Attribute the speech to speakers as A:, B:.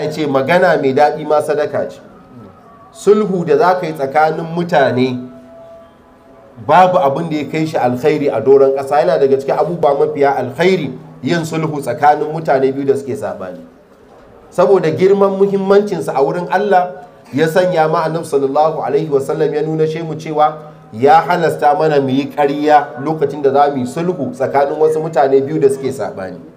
A: ya ce magana mai daɗi ma sadaka ce sulhu da za ka yi tsakanin mutane babu abin da ya kai shi alkhairi a doron ƙasa yana daga cikin abubuwa mafiya alkhairi yin sulhu tsakanin mutane biyu da suke saɓani saboda girman muhimmancinsa a wurin Allah ya sanya ma annabi sallallahu alaihi wasallam ya nuna shi mu cewa ya halasta mana mu yi ƙarya lokacin da za mu yi sulhu tsakanin wasu mutane biyu da suke saɓani